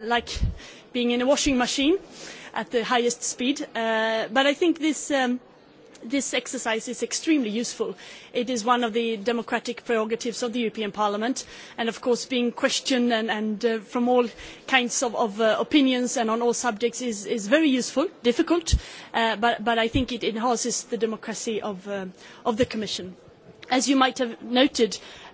like being in a washing machine at the highest speed. Uh, but I think this, um, this exercise is extremely useful. It is one of the democratic prerogatives of the European Parliament, and of course being questioned and, and uh, from all kinds of, of uh, opinions and on all subjects is, is very useful, difficult, uh, but, but, I think it enhances the democracy of, uh, of the Commission. As you might have noted,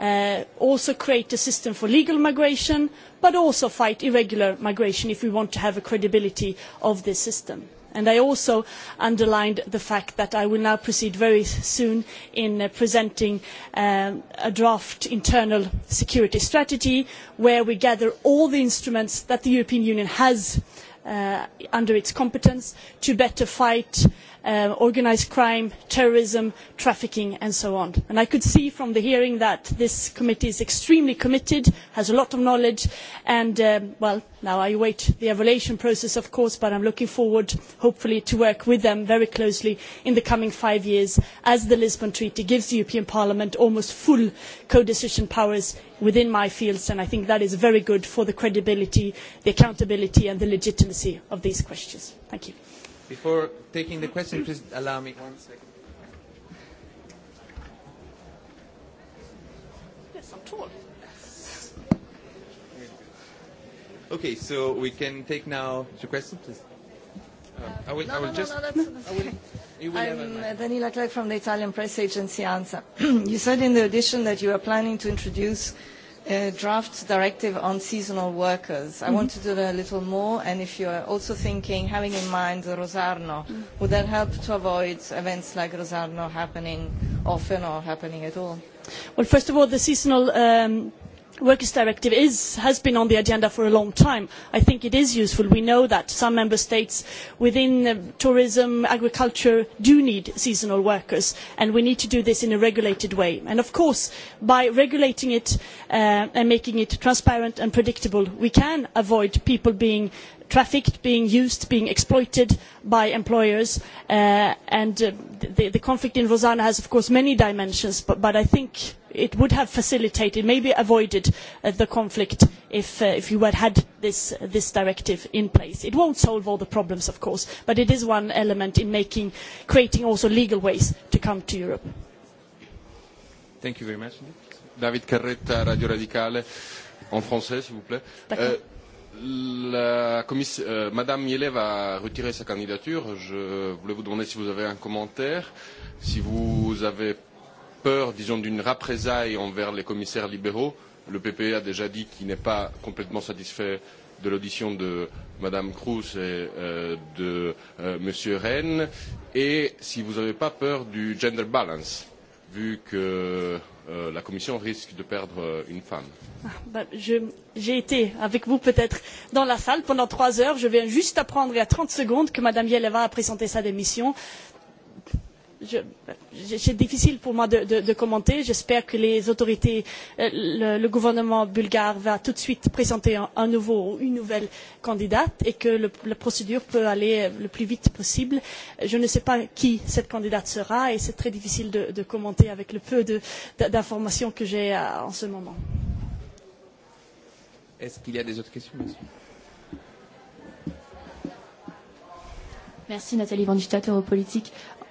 Uh, also create a system for legal migration but also fight irregular migration if we want to have a credibility of this system. And I also underlined the fact that I will now proceed very soon in uh, presenting um, a draft internal security strategy where we gather all the instruments that the European Union has uh, under its competence to better fight Um, organised crime, terrorism, trafficking and so on. And I could see from the hearing that this committee is extremely committed, has a lot of knowledge and, um, well, now I await the evaluation process of course, but i am looking forward hopefully to working with them very closely in the coming five years as the Lisbon Treaty gives the European Parliament almost full codecision powers within my fields and I think that is very good for the credibility, the accountability and the legitimacy of these questions. Before taking the question, please allow me one second. Yes, I'm tall. Okay, so we can take now the question, please. I uh, will, I will no, no, no just. No, no, that's, that's I will, a uh, mic. I'm Daniela Clerc from the Italian press agency ANSA. you said in the audition that you are planning to introduce Uh, draft directive on seasonal workers. Mm -hmm. I want mhm. to do a little more, and if you are also thinking, having in mind the Rosarno, mm. would that help to avoid events like Rosarno happening often or happening at all? Well, first of all, the seasonal um, workers directive has been on the agenda for a long time. I think it is useful. We know that some member states within uh, tourism, agriculture do need seasonal workers and we need to do this in a regulated way. And of course, by regulating it uh, and making it transparent and predictable, we can avoid people being trafficked, being used, being exploited by employers. Uh, and the, conflict in rosarno has, of course, many dimensions, but I think it would have facilitated maybe avoided uh, the conflict if, uh, you had had uh, this, directive in place. it will not solve all the problems of course but it is one element in making, creating also legal ways to come to europe. thank you very much. david carretta radio radicale en français s'il vous plaît. Euh, la commission, euh, Madame Miele va retirer sa candidature. Je voulais vous demander si vous avez un commentaire, si vous avez peur, disons, d'une représaille envers les commissaires libéraux. Le PPE a déjà dit qu'il n'est pas complètement satisfait de l'audition de Madame Cruz et euh, de euh, Monsieur Rehn. Et si vous n'avez pas peur du gender balance, vu que euh, la Commission risque de perdre euh, une femme. Ah, ben, J'ai été avec vous peut-être dans la salle pendant trois heures. Je viens juste apprendre il y a 30 secondes que Madame Yeleva a présenté sa démission c'est difficile pour moi de, de, de commenter. J'espère que les autorités, euh, le, le gouvernement bulgare va tout de suite présenter un, un nouveau ou une nouvelle candidate et que le, la procédure peut aller euh, le plus vite possible. Je ne sais pas qui cette candidate sera et c'est très difficile de, de commenter avec le peu d'informations que j'ai euh, en ce moment. Est-ce qu'il y a des autres questions monsieur Merci Nathalie Vandistat, Europolitique.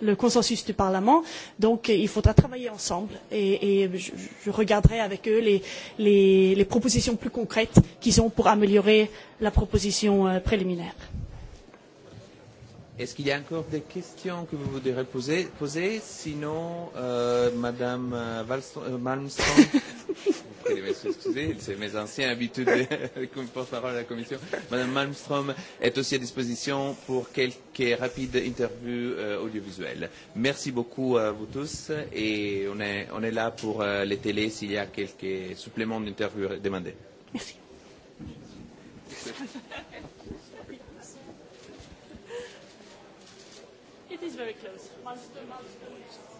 le consensus du Parlement. Donc euh, il faudra travailler ensemble et, et je, je regarderai avec eux les, les, les propositions plus concrètes qu'ils ont pour améliorer la proposition euh, préliminaire. Est-ce qu'il y a encore des questions que vous voudriez poser, poser Sinon, euh, Madame euh, euh et messieurs, excusez, c'est mes anciens habitués comme porte-parole de la Commission. Madame Malmström est aussi à disposition pour quelques rapides interviews euh, audiovisuelles. Merci beaucoup à vous tous et on est, on est là pour euh, les télés s'il y a quelques suppléments d'interviews demandés. Merci. It is very close. Monster, monster.